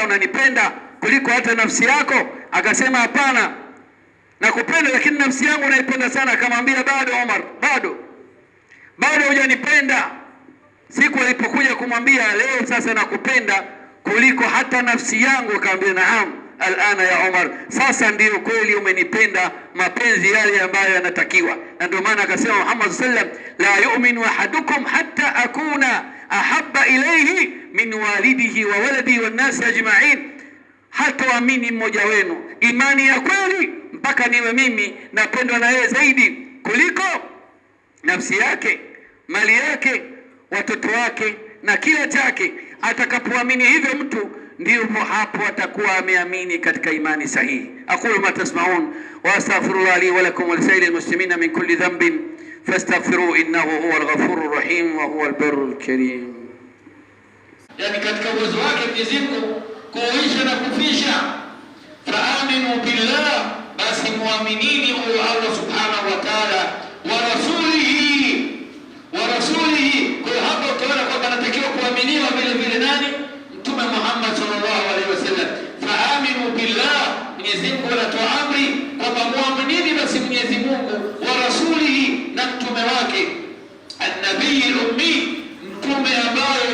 unanichukia, unanipenda kuliko hata nafsi yako? Akasema hapana, nakupenda lakini nafsi yangu naipenda sana. Akamwambia bado Omar, bado bado hujanipenda. Siku alipokuja kumwambia leo sasa nakupenda kuliko hata nafsi yangu, akamwambia naam, alana ya Omar, sasa ndiyo kweli umenipenda, mapenzi yale ambayo yanatakiwa. Na ndio maana akasema Muhammad sallallahu alaihi wasallam, la yu'minu ahadukum hatta akuna ahabba ilaihi min walidihi wa waladi wannasi ajmain, hatoamini mmoja wenu imani ya kweli mpaka niwe mimi napendwa na yeye zaidi kuliko nafsi yake, mali yake, watoto wake na kila chake. Atakapoamini hivyo mtu, ndipo hapo atakuwa ameamini katika imani sahihi. aqulu ma tasmaun wa astaghfirullah li wa lakum wa lisairil muslimina min kulli dhanbin fastaghfiru innahu huwal ghafurur rahim wa huwal barrul karim. Yani katika uwezo wake Mwenyezi Mungu kuuisha na kufisha, faaminu billah, basi muaminini huyo Allah subhanahu wa ta'ala, wa rasulihi wa rasulihi. Kwa hiyo utaona kwamba anatakiwa kuaminiwa vile vile nani? Mtume Muhammad sallallahu alaihi wasallam. Faaminu billah, Mwenyezi Mungu anatoa amri kwamba muaminini basi Mwenyezi Mungu wa rasulihi na mtume wake annabii ummi, mtume ambaye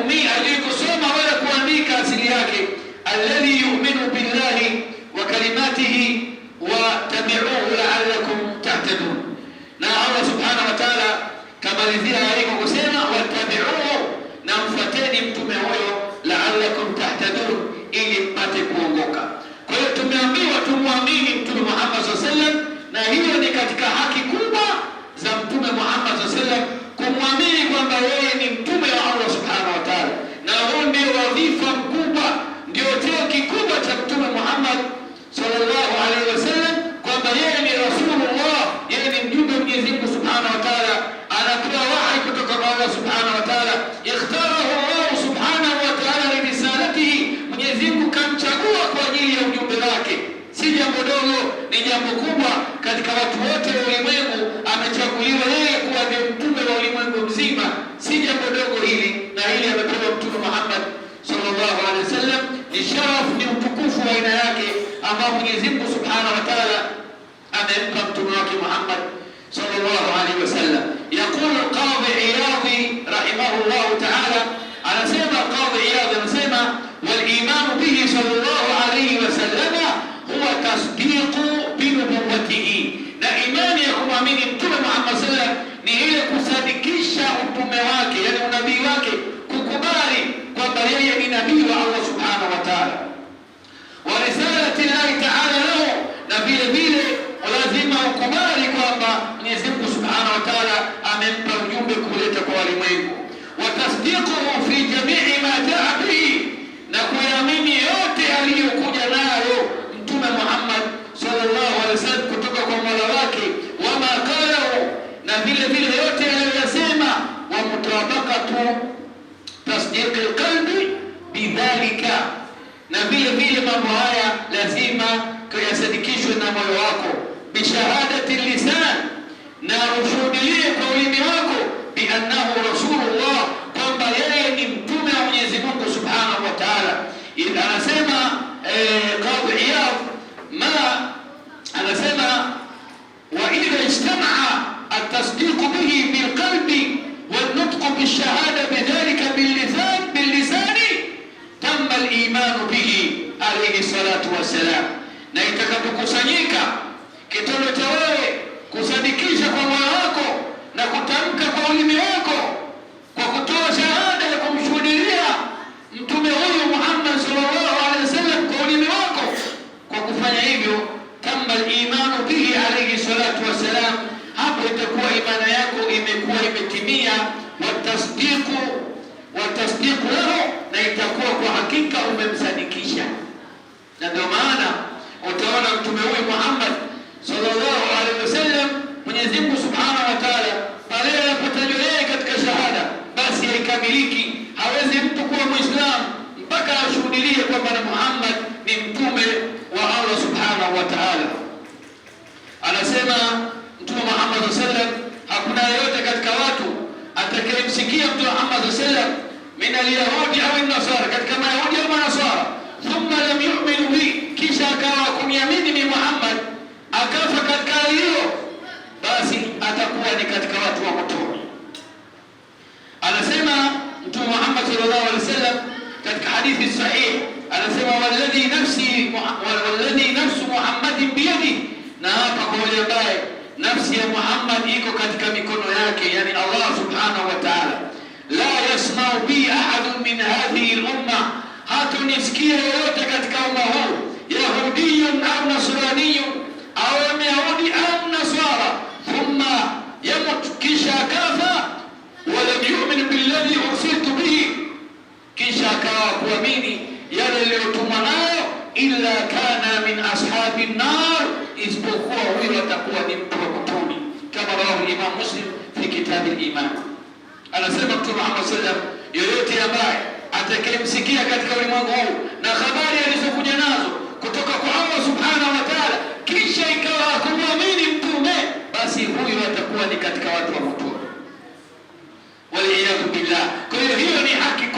ummi aliyekusoma wala kuandika asili yake, alladhi yu'minu billahi wa kalimatihi wa tabi'uhu la'allakum tahtadun. Na Allah subhanahu wa ta'ala kamalizia aya kusema watabi'uhu, na mfuateni mtume huyo, la'allakum tahtadun, ili mpate kuongoka. Kwa hiyo tumeambiwa tumwamini Mtume Muhammad sallallahu alaihi wasallam, na hiyo ni katika haki kubwa za Mtume Muhammad محمد صلى الله عليه وسلم يقول القاضي عياضي رحمه الله تعالى على سيما القاضي عياضي سيما والإيمان به صلى الله عليه وسلم هو تصديق بنبوته لا إيمان يقوم من كل محمد صلى الله عليه وسلم نهيه كسادكيشة أمواك يعني النبي واك ككباري كبرياء يعني نبي الله سبحانه وتعالى ورسالة الله تعالى له نبي نبيه lazima ukubali kwamba Mwenyezi Mungu Subhanahu wa Ta'ala amempa ujumbe kuleta kwa walimwengu, wa tasdiquhu fi jamii ma jaa bihi, na kuyaamini yote aliyokuja nayo Mtume Muhammad sallallahu alaihi wasallam kutoka kwa Mola wake, wama qalahu, na vile vile yote aliyoyasema, wa mutabaqatu tasdiqi alqalbi bidhalika, na vile vile mambo haya lazima kuyasadikishwe na moyo wako bishahadati lisan, na ushuhudie kwa ulimi wako biannahu rasulullah, kwamba yeye ni mtume wa Mwenyezi Mungu subhanahu wa taala. Anasema eh, Qadhi Iyad ma anasema, wa idha ijtamaa altasdiqu bihi bilqalbi walnutqu bishahada bidhalika billisan billisani tamma alimanu bihi alayhi salatu wassalam, na itakapokusanyika kitendo cha wewe kusadikisha kwa moyo wako na kutamka kwa ulimi wako tusikie kwamba na Muhammad ni mtume wa Allah subhanahu wa ta'ala. Anasema Mtume Muhammad sallallahu alaihi hakuna yeyote katika watu atakayemsikia Mtume Muhammad sallallahu min al au nasara katika mayahudi au manasara, thumma lam yu'minu bi, kisha akawa kuniamini ni Muhammad akafa katika hiyo, basi atakuwa ni katika watu wa motoni. Anasema Mtume Muhammad katika hadithi sahihi anasema, walladhi nafsi walladhi nafsu Muhammadin biyadi, na hapa kwa yule ambaye nafsi ya Muhammad iko katika mikono yake, yani Allah subhanahu wa ta'ala, la yasma'u bi ahadun min hadhihi al-umma, hatunisikia yoyote katika umma huu, yahudiyun au nasraniyun au yahudi au naswara, thumma yamut, kisha kafa walam yu'min إلا كان من أصحاب النار إسبوكوا هو تقوى من بروكتوني كما رواه الإمام مسلم في كتاب الإيمان أنا سمعت محمد صلى الله عليه وسلم يوتي أباي أتكلم سكية كتك ولمان هو نخباري أنسو نازو كتوك قوة سبحانه وتعالى كل شيء كوا كل مين بتوم بس هو يتقوى لكتك واتوا بتوم والعياذ بالله كل هي حقيقة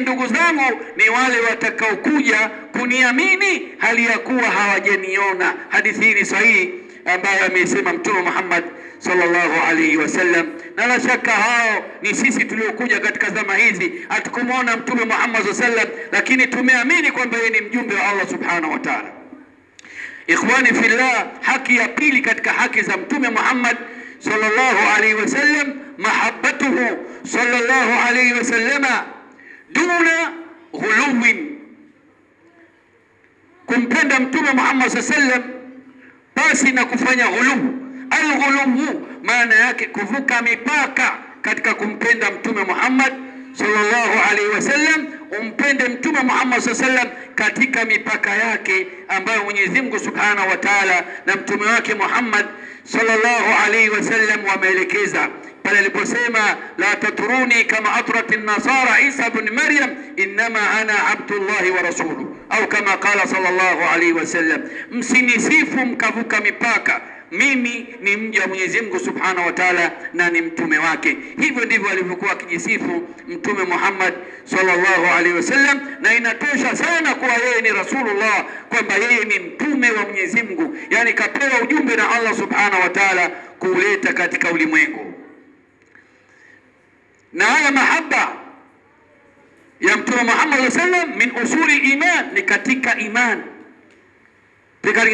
lakini ndugu zangu ni wale watakaokuja kuniamini hali ya kuwa hawajaniona. Hadithi hii ni sahihi ambayo ameisema Mtume Muhammad sallallahu alaihi wasallam, na la shaka hao ni sisi tuliokuja katika zama hizi. Hatukumwona Mtume Muhammad sallallahu alaihi wasallam, lakini tumeamini kwamba yeye ni mjumbe wa Allah subhanahu wa ta'ala. Ikhwani fillah, haki ya pili katika haki za Mtume Muhammad sallallahu alaihi wasallam, mahabbatuhu sallallahu alaihi wasallama duna ghuluwin, kumpenda Mtume Muhammad sallallahu sallam wasallam pasi na kufanya ghuluwu. Alghuluwu maana yake kuvuka mipaka katika kumpenda Mtume Muhammad sallallahu alaihi wasallam. Umpende Mtume Muhammad sallallahu alaihi wasallam katika mipaka yake ambayo Mwenyezi Mungu Subhanahu wa Ta'ala na mtume wake Muhammad sallallahu alaihi wasallam wameelekeza pale aliposema la tatruni kama atrat nasara Isa ibn Maryam innama ana abdullahi wa rasulu au kama qala sallallahu alaihi wasallam, msinisifu mkavuka mipaka mimi ni mja wa Mwenyezi Mungu Subhanahu wa Ta'ala na ni mtume wake. Hivyo ndivyo alivyokuwa akijisifu Mtume Muhammad sallallahu alaihi wasallam, na inatosha sana kuwa yeye ni Rasulullah, kwamba yeye ni mtume wa Mwenyezi Mungu, yaani kapewa ujumbe na Allah Subhanahu wa Ta'ala kuuleta katika ulimwengu na haya mahaba ya Mtume Muhammad sallam min usuli iman, ni katika iman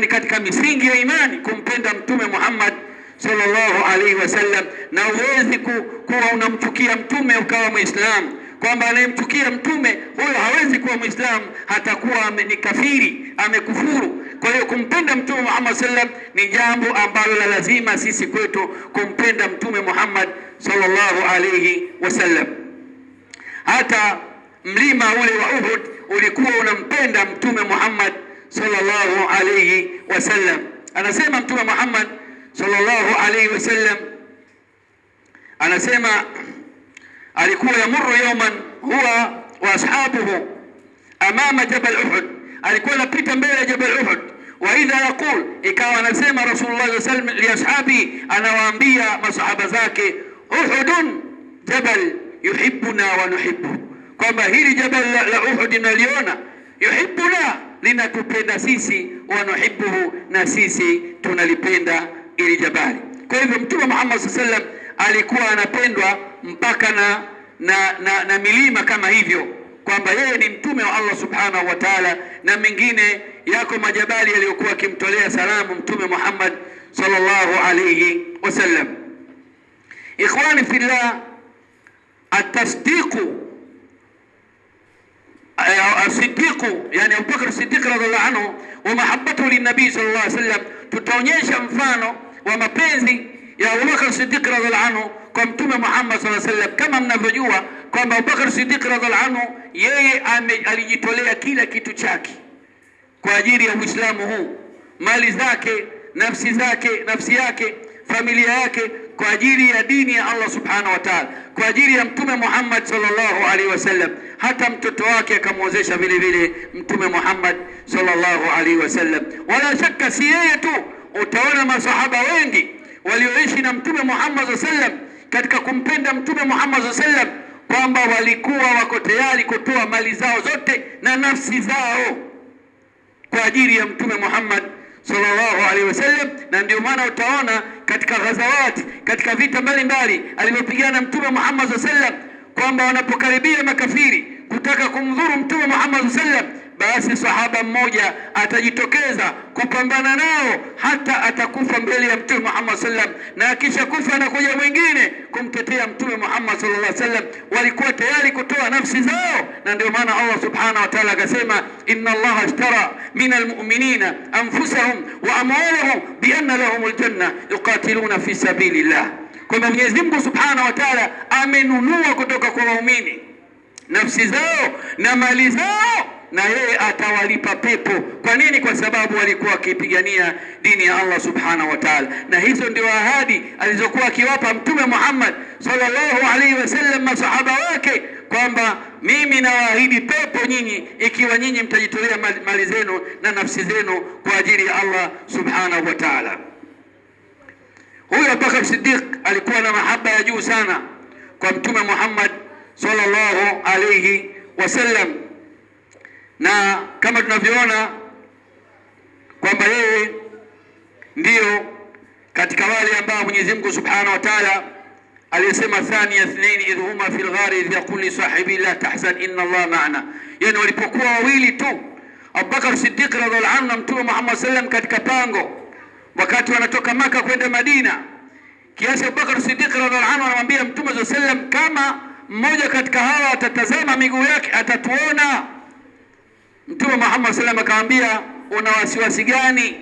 ni katika misingi ya imani kumpenda Mtume Muhammad sallallahu alaihi wasallam, na uwezi kuwa unamchukia mtume ukawa Muislam, kwamba anayemchukia mtume huyo hawezi kuwa Muislamu, hatakuwa ni kafiri, amekufuru. Kwa hiyo kumpenda Mtume Muhammad sallam ni jambo ambalo la lazima sisi kwetu kumpenda Mtume Muhammad sallallahu alayhi wasallam. Hata mlima ule wa Uhud ulikuwa unampenda Mtume Muhammad sallallahu alayhi wasallam. Anasema Mtume Muhammad sallallahu alayhi wasallam anasema alikuwa yamuru yawman huwa wa ashabuhu amama jabal Uhud alikuwa anapita mbele ya Jabal Uhud, wa idha yaqul, ikawa anasema Rasulullah sallallahu alayhi wasallam liashabi, anawaambia masahaba zake, uhudun jabal yuhibbuna wa nuhibbu, kwamba hili jabal la, la Uhud inaliona yuhibbuna, linatupenda sisi, wa nuhibbuhu, na sisi tunalipenda ili jabali. Kwa hivyo Mtume Muhammad sallallahu alayhi wasallam alikuwa anapendwa mpaka na na, na, na milima kama hivyo kwamba yeye ni mtume wa Allah subhanahu wa ta'ala, na mengine yako majabali yaliyokuwa kimtolea salamu Mtume Muhammad sallallahu alayhi wasallam. Ikhwani fillah, atasdiqu asidiqu yani Abu Bakr Siddiq radhiallahu anhu wa mahabbatu linnabi sallallahu alayhi wasallam tutaonyesha mfano wa mapenzi ya Abu Bakr Siddiq radhiallahu anhu kwa Mtume Muhammad sallallahu alayhi wasallam. Kama mnavyojua kwamba Abubakar Siddiq radhiallahu anhu yeye alijitolea kila kitu chake kwa ajili ya Uislamu huu, mali zake, nafsi zake, nafsi yake, familia yake, kwa ajili ya dini ya Allah subhanahu wa ta'ala, kwa ajili ya Mtume Muhammad sallallahu alaihi wasallam. Hata mtoto wake akamwozesha vile vile Mtume Muhammad sallallahu alaihi wasallam. Wala shaka si yeye tu, utaona masahaba wengi walioishi na Mtume Muhammad sallallahu alaihi wasallam katika kumpenda Mtume Muhammad sallallahu alaihi wasallam kwamba walikuwa wako tayari kutoa mali zao zote na nafsi zao kwa ajili ya Mtume Muhammad sallallahu alaihi wasallam. Na ndio maana utaona katika ghazawati, katika vita mbalimbali alivyopigana Mtume Muhammad sallallahu alaihi wasallam, kwamba wanapokaribia makafiri kutaka kumdhuru Mtume Muhammad sallallahu alaihi wasallam basi sahaba mmoja atajitokeza kupambana nao hata atakufa mbele ya Mtume Muhammad sallam, na akisha kufa anakuja mwingine kumtetea Mtume Muhammad sallallahu alaihi wasallam. Walikuwa tayari kutoa nafsi zao, na ndio maana Allah subhanahu wa ta'ala akasema, inna Allaha ashtara min almu'minina anfusahum wa amwalahum bi anna lahum aljanna yuqatiluna fi sabilillah, kwamba Mwenyezi Mungu subhanahu wa ta'ala amenunua kutoka kwa waumini nafsi zao na mali zao na yeye atawalipa pepo. Kwa nini? Kwa sababu walikuwa wakipigania dini ya Allah subhanahu wa ta'ala, na hizo ndio ahadi alizokuwa akiwapa Mtume Muhammad sallallahu alaihi wasallam masahaba wake kwamba mimi nawaahidi pepo nyinyi, ikiwa nyinyi mtajitolea mali zenu na nafsi zenu kwa ajili ya Allah subhanahu wa ta'ala. huyo Abubakar Siddiq alikuwa na mahaba ya juu sana kwa Mtume Muhammad sallallahu alaihi wasallam na kama tunavyoona kwamba yeye ndiyo katika wale ambao Mwenyezi Mungu Subhanahu wa Ta'ala aliyesema thaniya ithnaini idh huma fil ghari idh yaqulu li sahibi la tahzan inna Allah ma'ana, yani walipokuwa wawili tu Abubakar Siddiq radhiallahu anhu na Mtume Muhammad sallam katika pango, wakati wanatoka Maka kwenda Madina, kiasi Abubakar Siddiq radhiallahu anhu anamwambia Mtume sallam, kama mmoja katika hawa atatazama miguu yake atatuona Mtume Muhammad sallam akaambia, una wasiwasi gani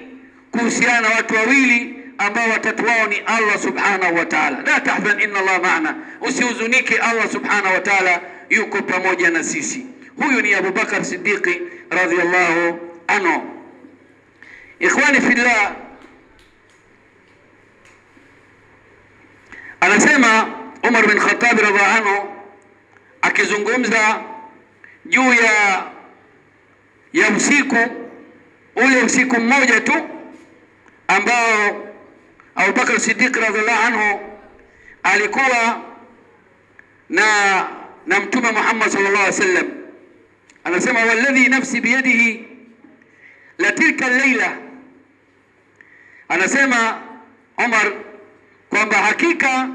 kuhusiana na watu wawili ambao watatu wao ni Allah subhanahu wa ta'ala? La tahzan inna Allah maana, usihuzunike, Allah subhanahu wa ta'ala yuko pamoja na sisi. Huyu ni Abu Bakar Siddiqi radhiyallahu anhu. Ikhwani fillah, anasema Umar bin Khattab radhiyallahu anhu akizungumza juu ya ya usiku ule, usiku mmoja tu ambao Abubakar Siddiq radhiallahu anhu alikuwa na na Mtume Muhammad sallallahu alaihi wasallam, anasema walladhi nafsi biyadihi la tilka laila anasema Omar kwamba hakika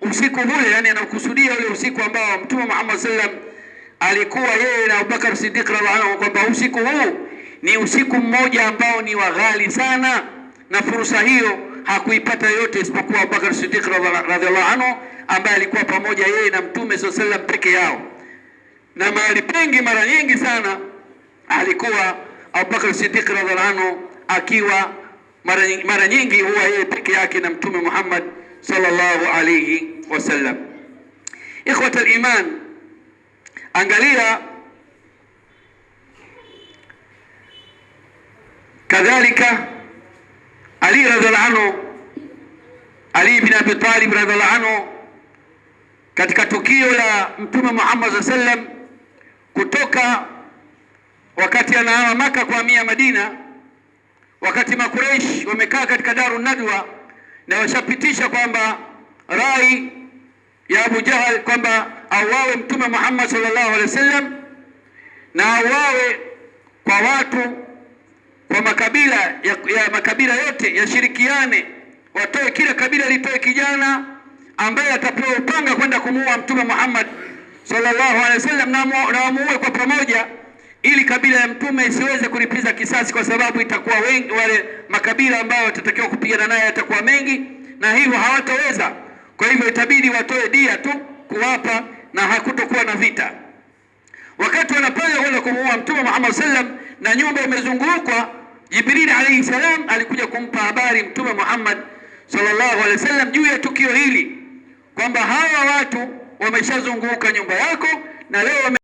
usiku ule, yani anakusudia ule usiku ambao Mtume Muhammad sallallahu alaihi wasallam alikuwa yeye na Abubakar Siddiq radhiallahu anhu kwamba usiku huu ni usiku mmoja ambao ni wa ghali sana, na fursa hiyo hakuipata yote isipokuwa Abubakar Siddiq radhiallahu anhu ambaye alikuwa pamoja yeye na Mtume sallallahu alaihi wasallam peke yao, na mahali pengi mara nyingi sana alikuwa Abubakar Siddiq radhiallahu anhu akiwa mara, mara nyingi huwa yeye peke yake na Mtume Muhammad sallallahu alayhi wasallam. Ikhwata al-iman, Angalia kadhalika Ali radhiallahu anhu, Ali bin Abi Talib radhiallahu anhu, katika tukio la Mtume Muhammad sallallahu alaihi kutoka wakati anaama Maka kuhamia Madina, wakati Makureish wamekaa katika daru Nadwa na washapitisha kwamba rai ya Abu Jahal kwamba awawe Mtume Muhammad sallallahu alaihi wasallam na auwawe kwa watu kwa makabila ya, ya makabila yote yashirikiane, watoe kila kabila litoe kijana ambaye atapewa upanga kwenda kumuua Mtume Muhammad sallallahu alaihi wasallam na wamuue kwa pamoja, ili kabila ya mtume isiweze kulipiza kisasi, kwa sababu itakuwa wengi wale makabila ambayo watatakiwa kupigana naye yatakuwa mengi, na hivyo hawataweza. Kwa hivyo itabidi watoe dia tu kuwapa na hakutokuwa na vita. Wakati wanapanga kwenda kumuua Mtume Muhammad sallam na nyumba imezungukwa, Jibril alayhi salam alikuja kumpa habari Mtume Muhammad sallallahu alayhi wasallam juu ya tukio hili kwamba hawa watu wameshazunguka nyumba yako na leo